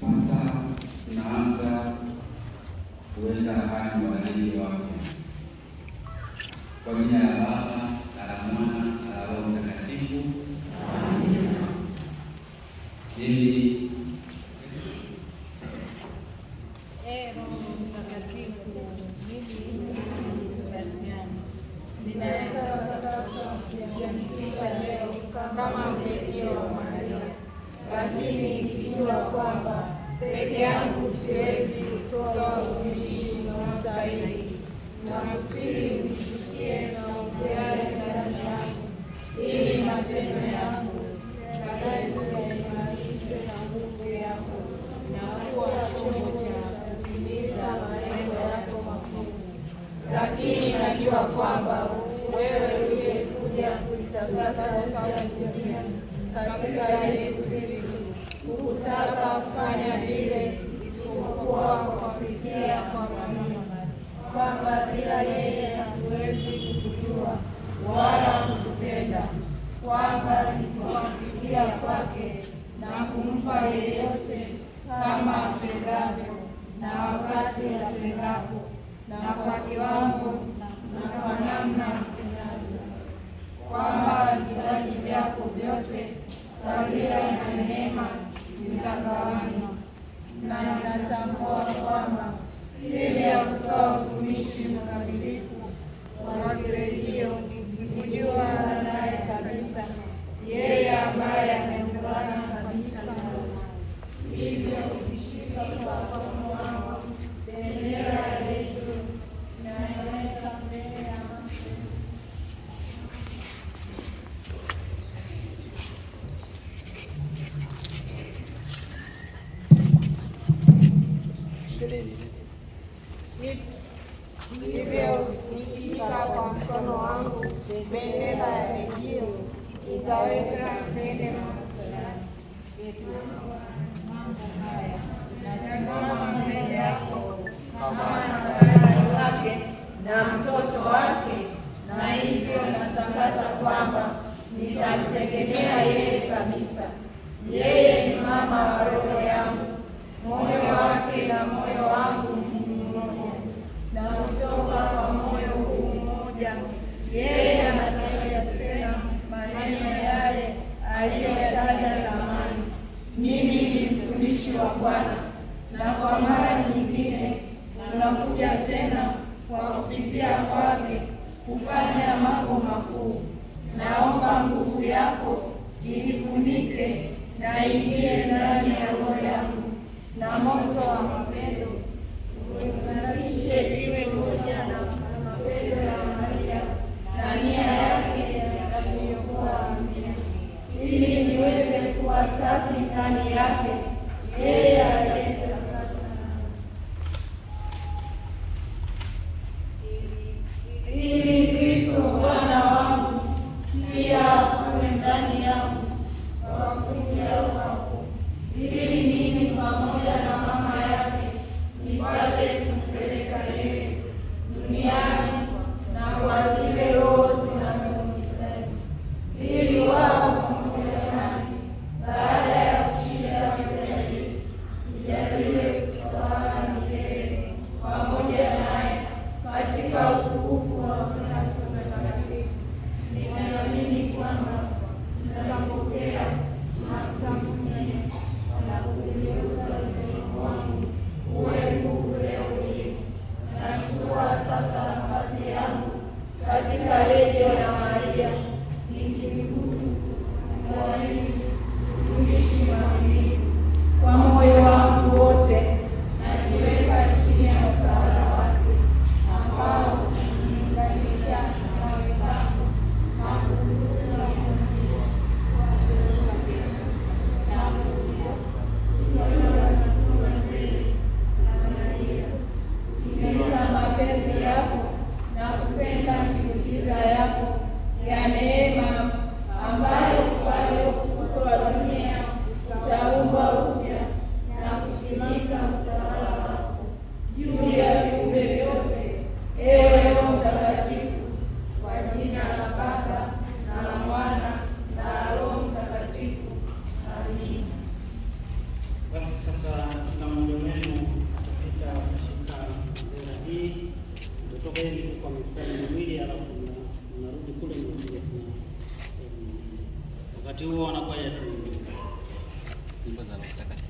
Sasa tunaanza kuenda hadi walei wapya kwa jina la Baba na la Mwana lakini najua kwamba wewe kuja kuitangaza ya duniani katika Yesu Kristo hukutaka kufanya vile isipokuwa kwa kupitia kwa maneno, kwamba bila yeye hatuwezi kukujua wala kukupenda kwamba ni kwa kupitia kwake na kumpa yeyote kama apendavyo na wakati apendapo na kwa kiwango na kwa namna upendavyo, kwamba vipaji vyako vyote, fadhila na neema zitagawanywa. Na natambua kwamba siri ya kutoa utumishi mkamilifu wa marejeo ni kujua baadaye kabisa moyo tokeni kwa mistari miwili, alafu mnarudi kule mnakuja tena. Wakati huo wanakwaya tu nyimbo za Roho Mtakatifu.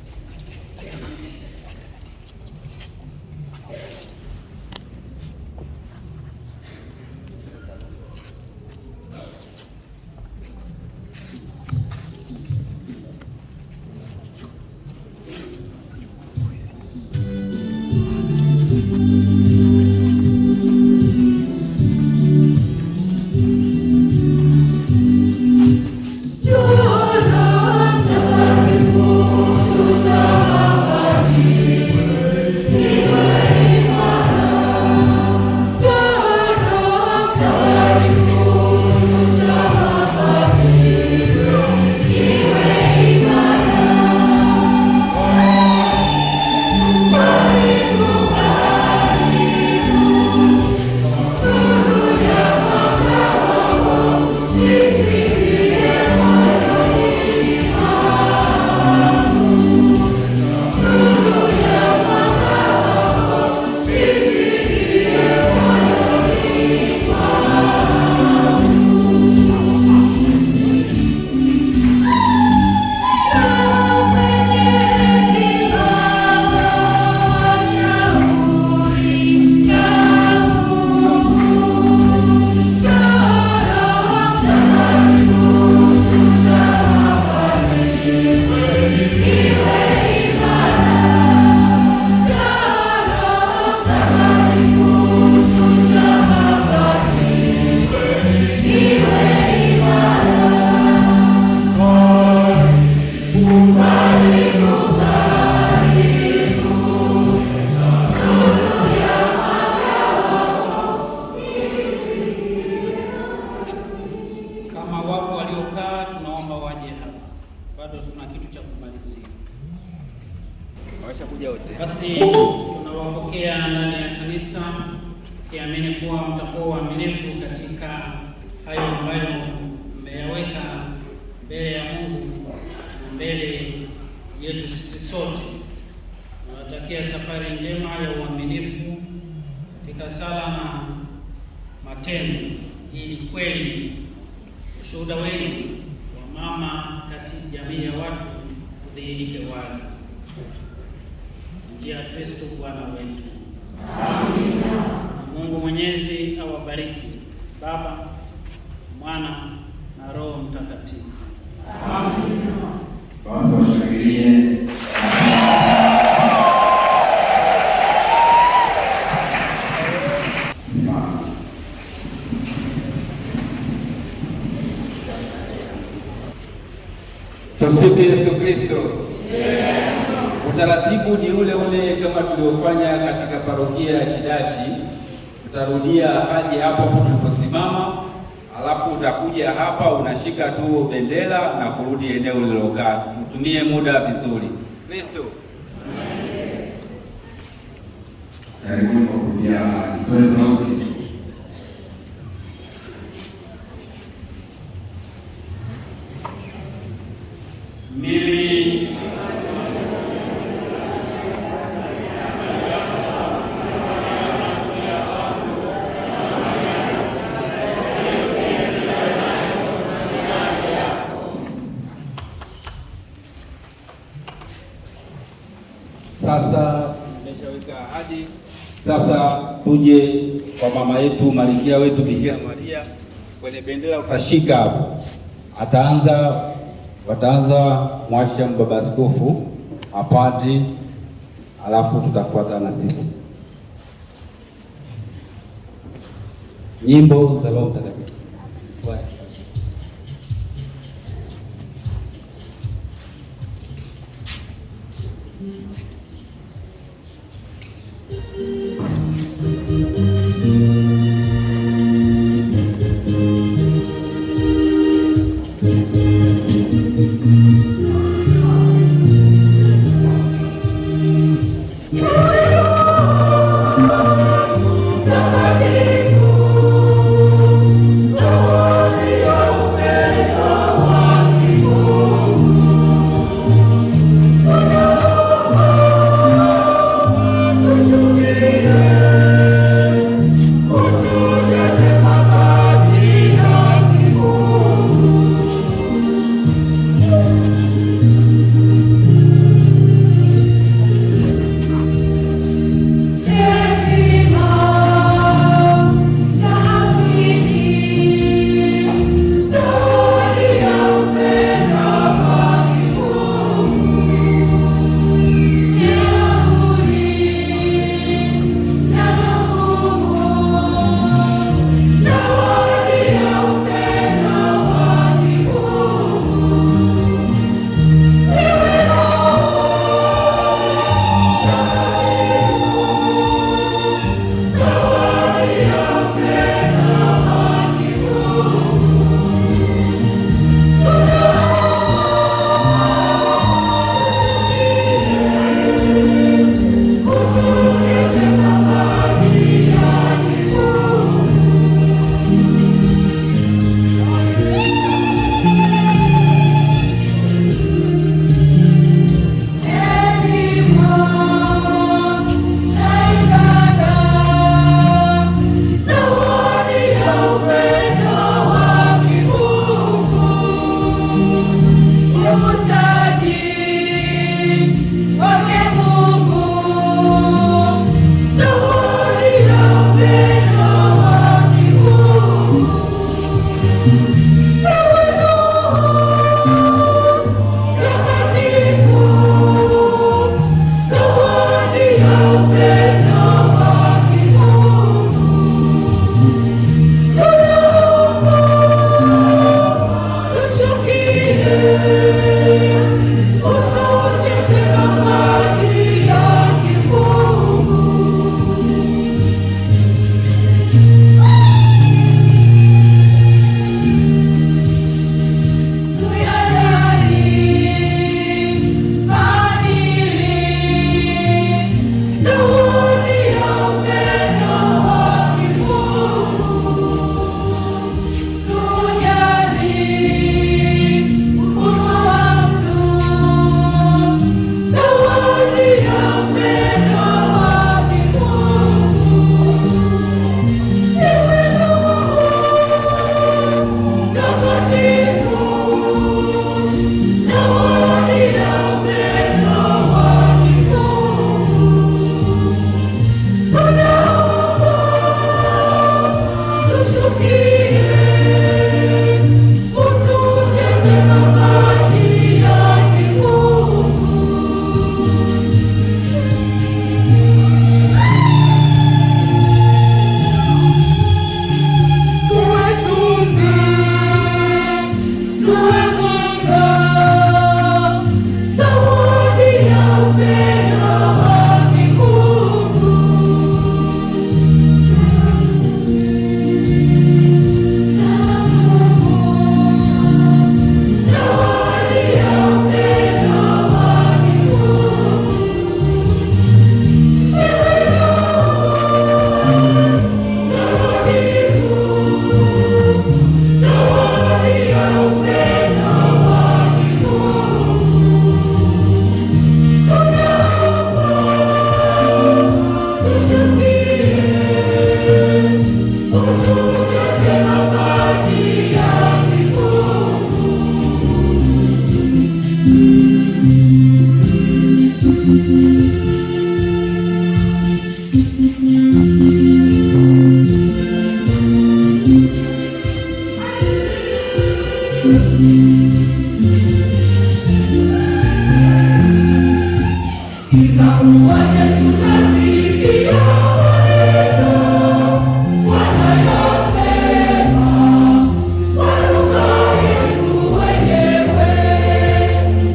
wengi, ushuhuda wengi wa mama kati jamii ya watu kudhihirike wazi njia ya Kristo Bwana wetu. Amina. Mungu Mwenyezi awabariki Baba, Mwana na Roho Mtakatifu. Amina. Tumsifu Yesu Kristo. Utaratibu ni ule ule kama tuliofanya katika parokia ya Chidachi. Tutarudia hadi hapo tuliposimama, alafu utakuja hapa unashika tu bendera na kurudi eneo ulilokaa. Tutumie muda vizuri. Kristo karibuni kwa kuja, toe sauti yetu malikia wetu Bikira Maria kwenye bendera utashika hapo, ataanza wataanza mwasha mbaba askofu apati, alafu tutafuata na sisi nyimbo za Roho Mtakatifu.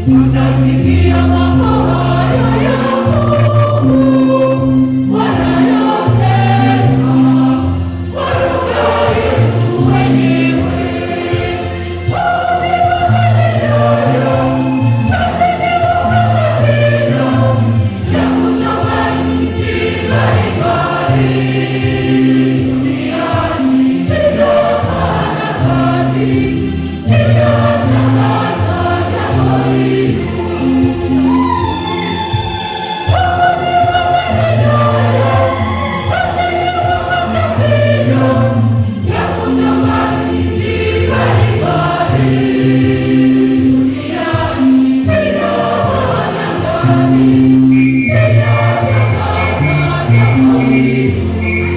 Tunasikia mapawa Thank you.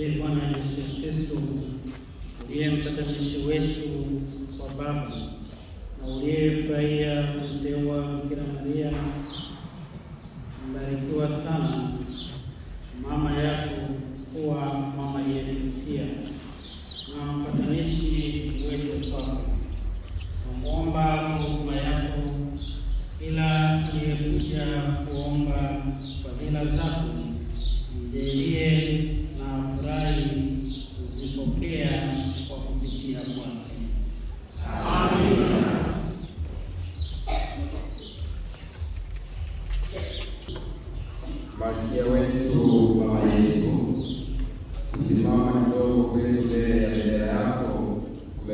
Ee Bwana Yesu Kristo, uliye mpatanisho wetu kwa Baba na uliyefurahia kumteua Bikira Maria, mbarikiwa sana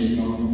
Señor.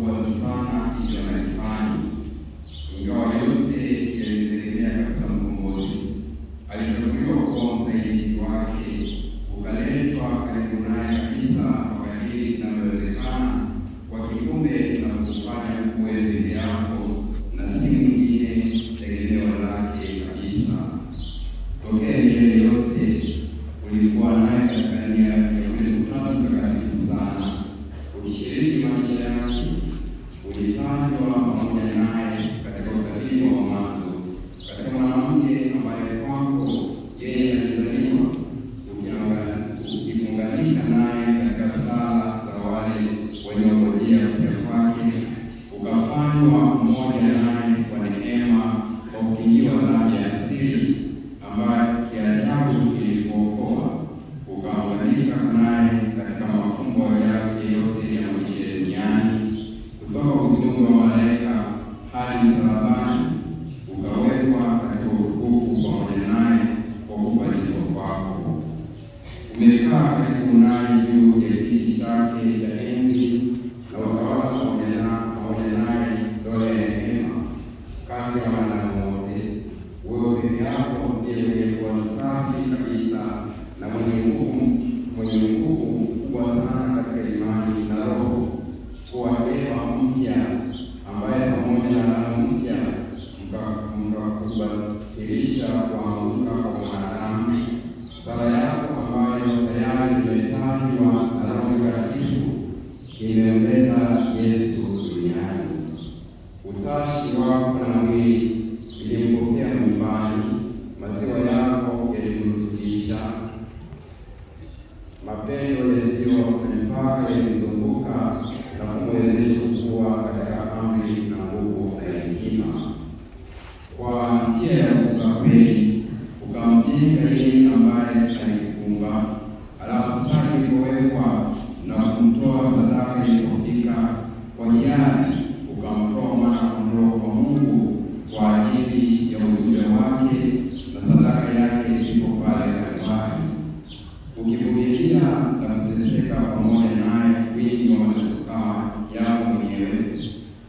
mwenyewe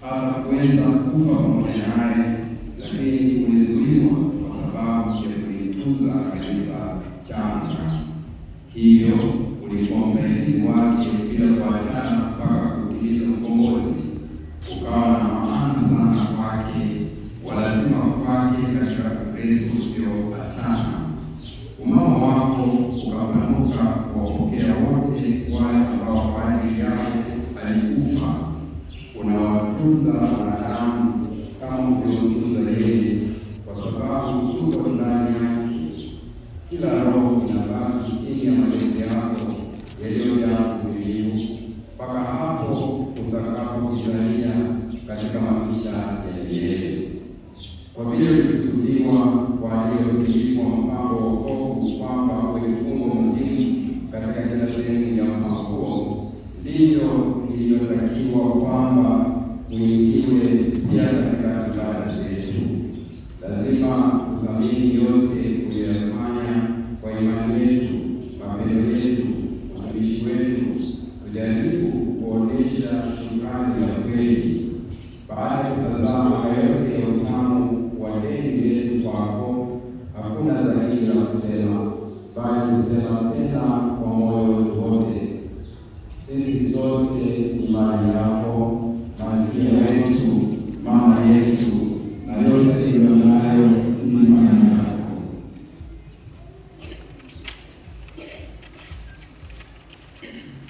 hata kuweza kufa pamoja naye, lakini ulizuiwa kwa sababu ya kulitunza kanisa changa. Hivyo ulikuwa msaidizi wake bila kuachana mpaka